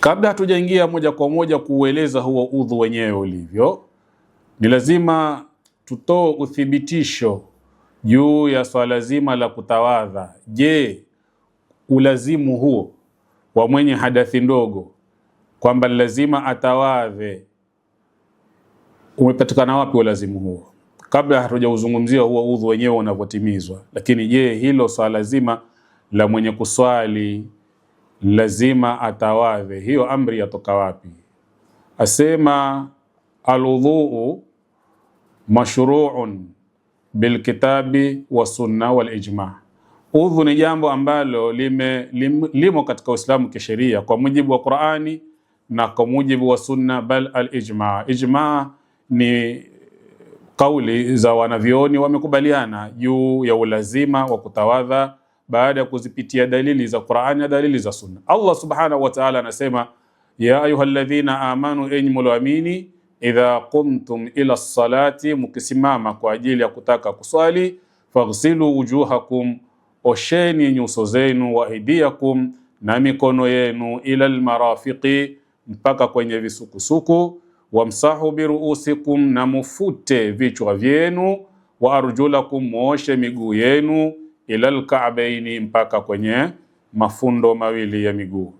Kabla hatujaingia moja kwa moja kuueleza huo udhu wenyewe ulivyo, ni lazima tutoe uthibitisho juu ya swala zima la kutawadha. Je, ulazimu huo wa mwenye hadathi ndogo kwamba lazima atawadhe umepatikana wapi ulazimu huo? Kabla hatujauzungumzia huo udhu wenyewe unavyotimizwa, lakini je, hilo swala zima la mwenye kuswali lazima atawadhe. Hiyo amri yatoka wapi? Asema alwudhuu mashruun bilkitabi wasunna ijma. Udhu ni jambo ambalo lime, lim, limo katika Uislamu kisheria kwa mujibu wa Qurani na kwa mujibu wa sunna, bal ijma. Ijma ni kauli za wanavyoni, wamekubaliana juu ya ulazima wa kutawadha baada ya kuzipitia dalili za Qur'ani na dalili za Sunna. Allah subhanahu wa ta'ala anasema ya ayyuhalladhina amanu, enyi mulioamini, idha qumtum ila salati, mukisimama kwa ajili ya kutaka kuswali, faghsilu wujuhakum, osheni nyuso zenu, wa aidiakum, na mikono yenu, ila almarafiqi, mpaka kwenye visukusuku, wamsahu biruusikum, na mufute vichwa vyenu, wa arjulakum, muoshe miguu yenu ilal kaabaini, mpaka kwenye mafundo mawili ya miguu.